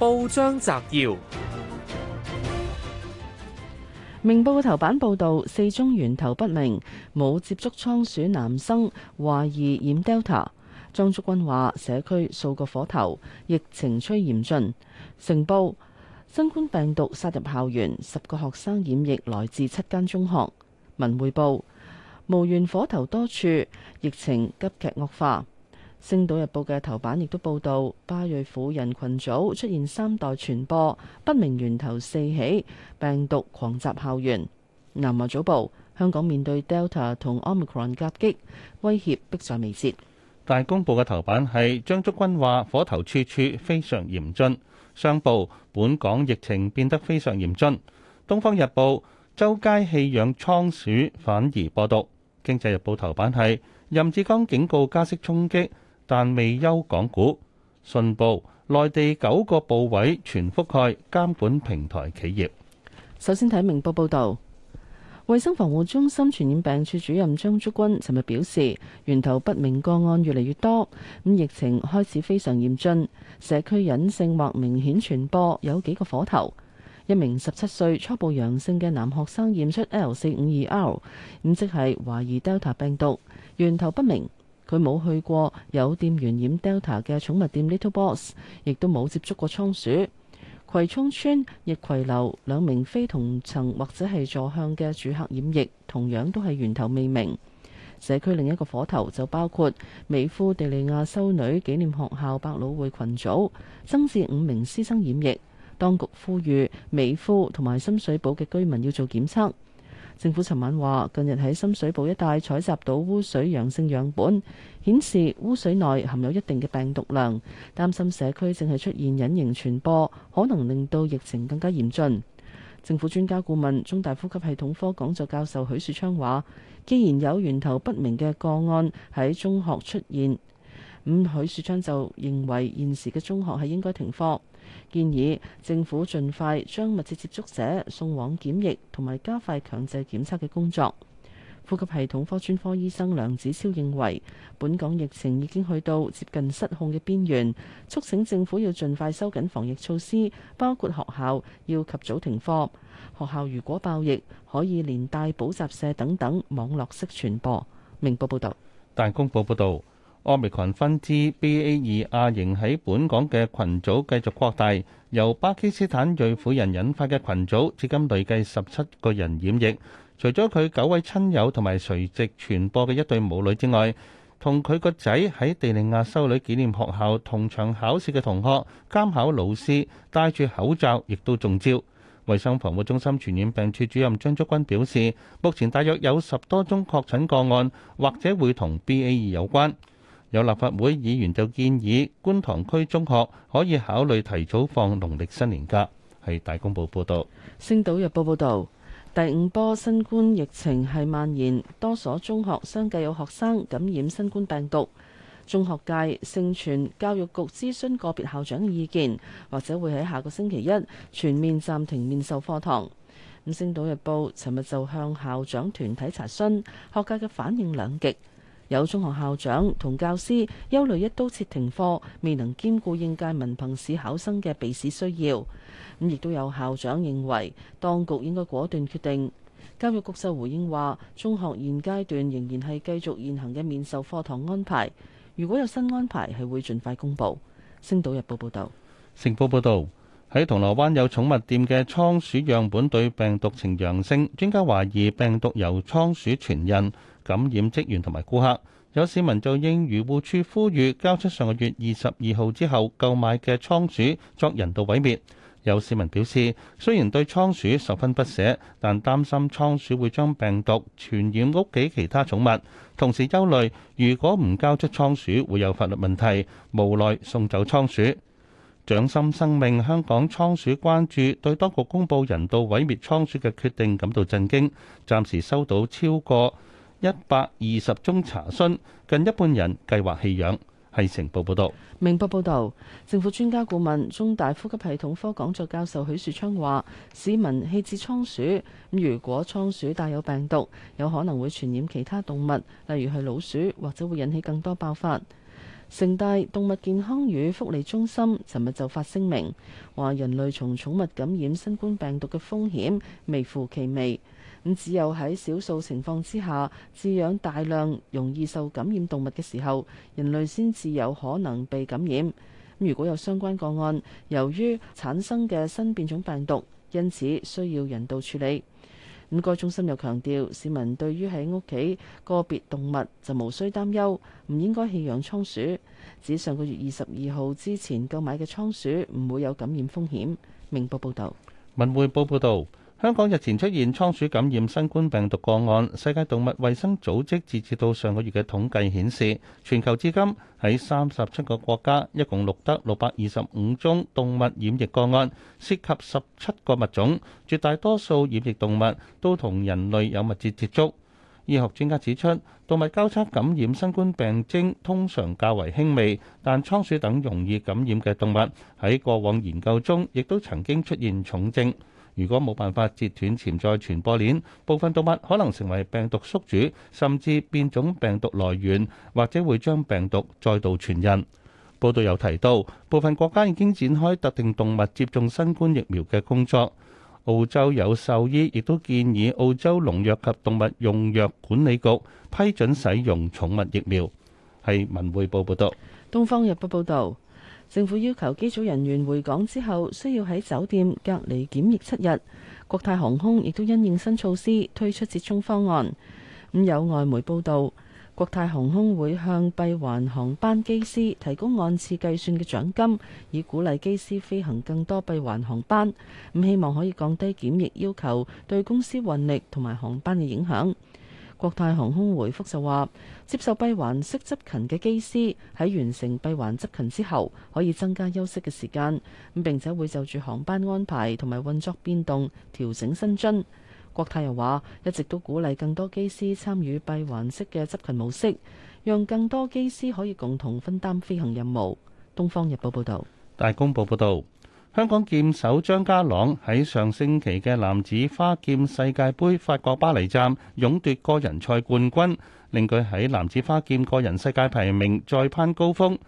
報章摘要：明報頭版報道，四宗源頭不明，冇接觸倉鼠男生，懷疑染 Delta。張竹君話：社區數個火頭，疫情趨嚴峻。成報：新冠病毒殺入校園，十個學生染疫，來自七間中學。文匯報：無源火頭多處，疫情急劇惡化。星島日報嘅頭版亦都報道巴裔婦人群組出現三代傳播，不明源頭四起，病毒狂襲校園。南華早報：香港面對 Delta 同 Omicron 夾擊，威脅迫在眉睫。大公報嘅頭版係張竹君話火頭處處非常嚴峻。商報：本港疫情變得非常嚴峻。東方日報：周街棄養倉鼠反而播毒。經濟日報頭版係任志剛警告加息衝擊。但未休港股信報內地九個部委全覆蓋監管平台企業。首先睇明報報道，衛生防護中心傳染病處主任張竹君尋日表示，源頭不明個案越嚟越多，咁疫情開始非常嚴峻，社區隱性或明顯傳播有幾個火頭。一名十七歲初步陽性嘅男學生驗出 L 四五二 R，咁即係懷疑 Delta 病毒，源頭不明。佢冇去過有店員染 Delta 嘅寵物店 Little Boss，亦都冇接觸過倉鼠。葵涌邨亦葵樓兩名非同層或者係座向嘅住客染疫，同樣都係源頭未明。社區另一個火頭就包括美孚地利亞修女紀念學校百老匯群組增至五名師生染疫。當局呼籲美孚同埋深水埗嘅居民要做檢測。政府尋晚話，近日喺深水埗一帶採集到污水陽性樣本，顯示污水內含有一定嘅病毒量，擔心社區淨係出現隱形傳播，可能令到疫情更加嚴峻。政府專家顧問、中大呼吸系統科講座教授許樹昌話，既然有源頭不明嘅個案喺中學出現，咁許樹昌就認為現時嘅中學係應該停課。建議政府盡快將密切接觸者送往檢疫，同埋加快強制檢測嘅工作。呼吸系統科專科醫生梁子超認為，本港疫情已經去到接近失控嘅邊緣，促請政府要盡快收緊防疫措施，包括學校要及早停課。學校如果爆疫，可以連帶補習社等等網絡式傳播。明報報道。但公報報導。Omicron 分支 B A 二亞型喺本港嘅群組繼續擴大，由巴基斯坦裔婦人引發嘅群組至今累計十七個人染疫。除咗佢九位親友同埋垂直傳播嘅一對母女之外，同佢個仔喺地利亞修女紀念學校同場考試嘅同學、監考老師戴住口罩，亦都中招。衞生防護中心傳染病處主任張竹君表示，目前大約有十多宗確診個案或者會同 B A 二有關。有立法會議員就建議觀塘區中學可以考慮提早放農曆新年假。係大公報報導。《星島日報》報導，第五波新冠疫情係蔓延，多所中學相繼有學生感染新冠病毒。中學界盛傳教育局諮詢個別校長嘅意見，或者會喺下個星期一全面暫停面授課堂。咁，《星島日報》尋日就向校長團體查詢，學界嘅反應兩極。有中學校長同教師憂慮一刀切停課，未能兼顧應屆文憑試考生嘅備試需要。咁亦都有校長認為，當局應該果斷決定。教育局就回應話，中學現階段仍然係繼續現行嘅面授課堂安排。如果有新安排，係會盡快公佈。星島日報報道：「成報報道，喺銅鑼灣有寵物店嘅倉鼠樣本對病毒呈陽性，專家懷疑病毒由倉鼠傳人。感染職員同埋顧客，有市民就應漁護處呼籲交出上個月二十二號之後購買嘅倉鼠作人道毀滅。有市民表示，雖然對倉鼠十分不捨，但擔心倉鼠會將病毒傳染屋企其他寵物，同時憂慮如果唔交出倉鼠會有法律問題，無奈送走倉鼠。掌心生命香港倉鼠關注對當局公佈人道毀滅倉鼠嘅決定感到震驚，暫時收到超過，一百二十宗查詢，近一半人計劃棄養。係城報報道，明報報道，政府專家顧問、中大呼吸系統科講座教授許樹昌話：市民棄置倉鼠，咁如果倉鼠帶有病毒，有可能會傳染其他動物，例如係老鼠，或者會引起更多爆發。城大動物健康與福利中心尋日就發聲明，話人類從寵物感染新冠病毒嘅風險微乎其微。咁只有喺少數情況之下，飼養大量容易受感染動物嘅時候，人類先至有可能被感染。如果有相關個案，由於產生嘅新變種病毒，因此需要人道處理。咁該中心又強調，市民對於喺屋企個別動物就無需擔憂，唔應該棄養倉鼠。指上個月二十二號之前購買嘅倉鼠，唔會有感染風險。明報報道。文匯報報導。香港日前出現倉鼠感染新冠病毒個案。世界動物衛生組織截至到上個月嘅統計顯示，全球至今喺三十七個國家，一共錄得六百二十五宗動物染疫個案，涉及十七個物種。絕大多數染疫動物都同人類有密切接觸。醫學專家指出，動物交叉感染新冠病徵通常較為輕微，但倉鼠等容易感染嘅動物喺過往研究中，亦都曾經出現重症。如果冇辦法截斷潛在傳播鏈，部分動物可能成為病毒宿主，甚至變種病毒來源，或者會將病毒再度傳人。報道又提到，部分國家已經展開特定動物接種新冠疫苗嘅工作。澳洲有獸醫亦都建議澳洲農藥及動物用藥管理局批准使用寵物疫苗。係文匯報報道。東方日報報道。政府要求機組人員回港之後，需要喺酒店隔離檢疫七日。國泰航空亦都因應新措施推出折衷方案。咁有外媒報道，國泰航空會向閉環航班機師提供按次計算嘅獎金，以鼓勵機師飛行更多閉環航班。咁希望可以降低檢疫要求對公司運力同埋航班嘅影響。國泰航空回覆就話，接受閉環式執勤嘅機師喺完成閉環執勤之後，可以增加休息嘅時間，並且會就住航班安排同埋運作變動調整薪津。國泰又話，一直都鼓勵更多機師參與閉環式嘅執勤模式，讓更多機師可以共同分擔飛行任務。《東方日報》報道。《大公報》報道。香港劍手張家朗喺上星期嘅男子花劍世界盃法國巴黎站勇奪個人賽冠軍，令佢喺男子花劍個人世界排名再攀高峰。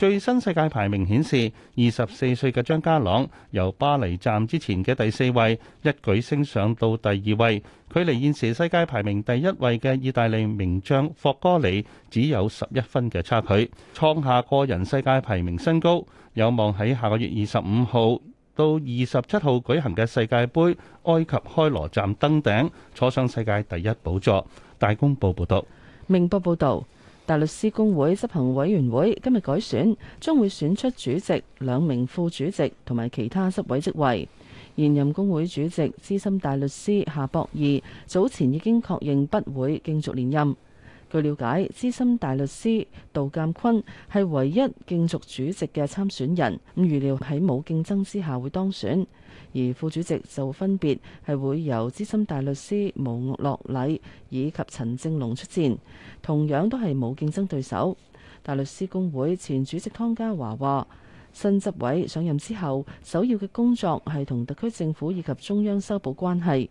最新世界排名顯示，二十四歲嘅張家朗由巴黎站之前嘅第四位一舉升上到第二位，距離現時世界排名第一位嘅意大利名將霍哥里只有十一分嘅差距，創下個人世界排名新高，有望喺下個月二十五號到二十七號舉行嘅世界盃埃及開羅站登頂，坐上世界第一寶座。大公報報道。明報報道。大律師公會執行委員會今日改選，將會選出主席、兩名副主席同埋其他執委職位。現任公會主席、資深大律師夏博義早前已經確認不會競逐連任。據了解，資深大律師杜鑑坤係唯一競逐主席嘅參選人，咁預料喺冇競爭之下會當選。而副主席就分別係會由資深大律師毛樂禮以及陳正龍出戰，同樣都係冇競爭對手。大律師公會前主席湯家驊話：新執委上任之後，首要嘅工作係同特區政府以及中央修補關係。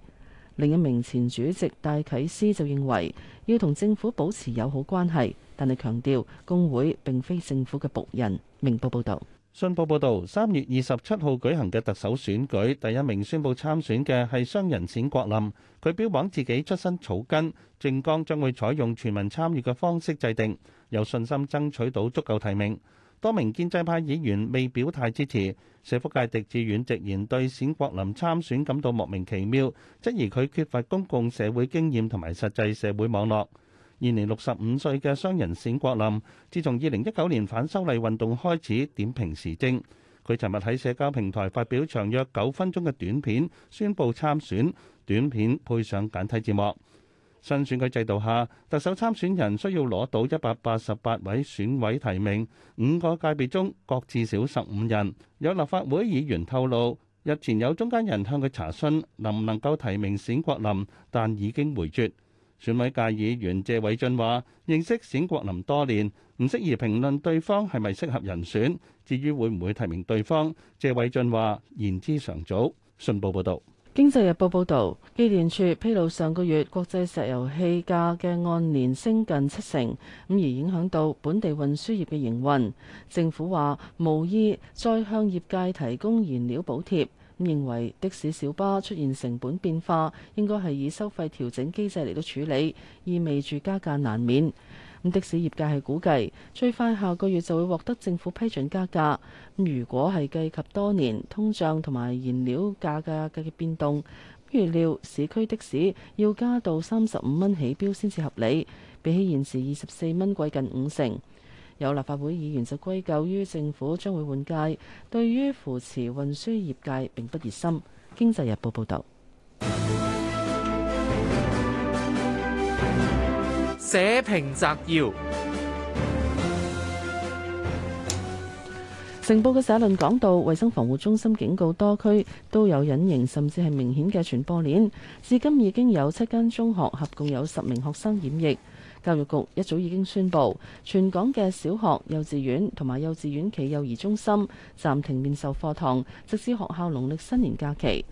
另一名前主席戴啟思就認為要同政府保持友好關係，但係強調工會並非政府嘅僕人。明報報導，信報報導，三月二十七號舉行嘅特首選舉，第一名宣佈參選嘅係商人冼國林。佢標榜自己出身草根，政綱將會採用全民參與嘅方式制定，有信心爭取到足夠提名。多名建制派議員未表態支持，社福界狄志遠直言對冼國林參選感到莫名其妙，質疑佢缺乏公共社會經驗同埋實際社會網絡。現年六十五歲嘅商人冼國林，自從二零一九年反修例運動開始點評時政，佢尋日喺社交平台發表長約九分鐘嘅短片，宣佈參選，短片配上簡體字幕。新選舉制度下，特首參選人需要攞到一百八十八位選委提名，五個界別中各至少十五人。有立法會議員透露，日前有中間人向佢查詢能唔能夠提名冼國林，但已經回絕。選委界議員謝偉俊話：認識冼國林多年，唔適宜評論對方係咪適合人選。至於會唔會提名對方，謝偉俊話言之尚早。信報報道。經濟日報報道，機電署披露上個月國際石油氣價嘅按年升近七成，咁而影響到本地運輸業嘅營運。政府話無意再向業界提供燃料補貼，咁認為的士小巴出現成本變化，應該係以收費調整機制嚟到處理，意味住加價難免。的士業界係估計最快下個月就會獲得政府批准加價。如果係計及多年通脹同埋燃料價格嘅變動，預料市區的士要加到三十五蚊起標先至合理，比起現時二十四蚊貴近五成。有立法會議員就歸咎於政府將會換屆，對於扶持運輸業界並不熱心。經濟日報報導。社評摘要：成報嘅社論講到，衛生防護中心警告多區都有隱形甚至係明顯嘅傳播鏈，至今已經有七間中學合共有十名學生染疫。教育局一早已經宣佈，全港嘅小學、幼稚園同埋幼稚園暨幼兒中心暫停面授課堂，直至學校農曆新年假期。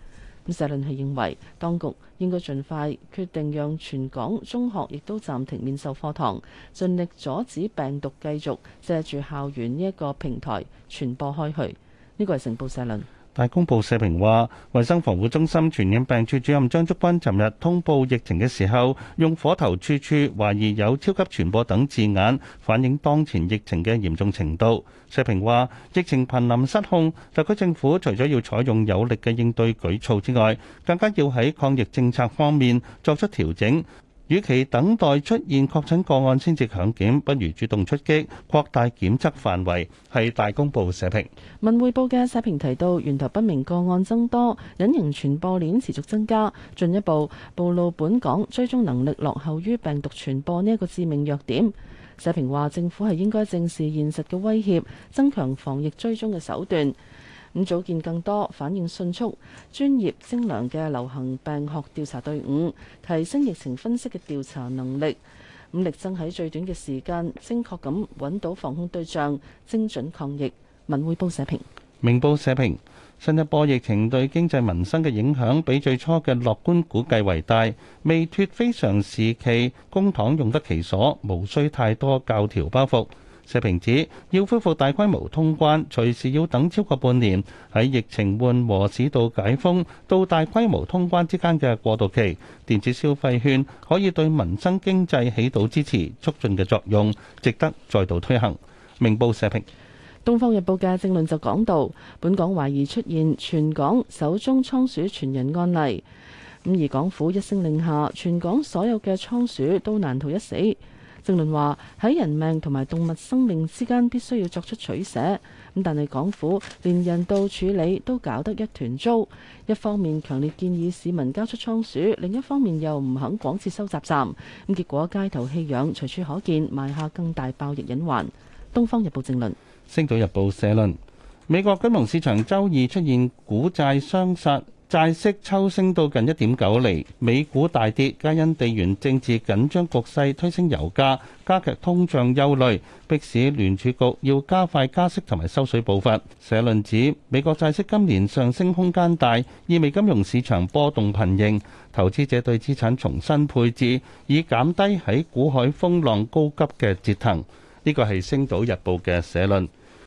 社論係認為，當局應該盡快決定讓全港中學亦都暫停面授課堂，盡力阻止病毒繼續借住校園呢一個平台傳播開去。呢個係成報社論。大公報社評話，衛生防護中心傳染病處主任張竹君尋日通報疫情嘅時候，用火頭處處、懷疑有超級傳播等字眼，反映當前疫情嘅嚴重程度。社評話，疫情瀕臨失控，特區政府除咗要採用有力嘅應對舉措之外，更加要喺抗疫政策方面作出調整。與其等待出現確診個案先至強檢，不如主動出擊，擴大檢測範圍。係大公報社評。文匯報嘅社評提到，源頭不明個案增多，隱形傳播鏈持續增加，進一步暴露本港追蹤能力落後於病毒傳播呢一個致命弱點。社評話，政府係應該正視現實嘅威脅，增強防疫追蹤嘅手段。咁組建更多反應迅速、專業精良嘅流行病學調查隊伍，提升疫情分析嘅調查能力。咁力爭喺最短嘅時間，精確咁揾到防控對象，精準抗疫。文匯報社評，明報社評，新一波疫情對經濟民生嘅影響，比最初嘅樂觀估計為大。未脫非常時期，公帑用得其所，無需太多教條包袱。社評指要恢復大規模通關，隨時要等超過半年；喺疫情緩和至到解封到大規模通關之間嘅過渡期，電子消費券可以對民生經濟起到支持促進嘅作用，值得再度推行。明報社評，《東方日報》嘅政論就講到，本港懷疑出現全港首宗倉鼠傳人案例，咁而港府一聲令下，全港所有嘅倉鼠都難逃一死。正論話喺人命同埋動物生命之間必須要作出取捨咁，但係港府連人道處理都搞得一團糟。一方面強烈建議市民交出倉鼠，另一方面又唔肯廣設收集站咁，結果街頭棄養隨處可見，埋下更大爆疫隱患。東方日報正論，星島日報社論：美國金融市場周二出現股債雙殺。債息抽升到近一點九釐，美股大跌，皆因地緣政治緊張局勢推升油價，加劇通脹憂慮，迫使聯儲局要加快加息同埋收水步伐。社論指美國債息今年上升空間大，意味金融市場波動頻仍，投資者對資產重新配置，以減低喺股海風浪高急嘅折騰。呢個係星島日報嘅社論。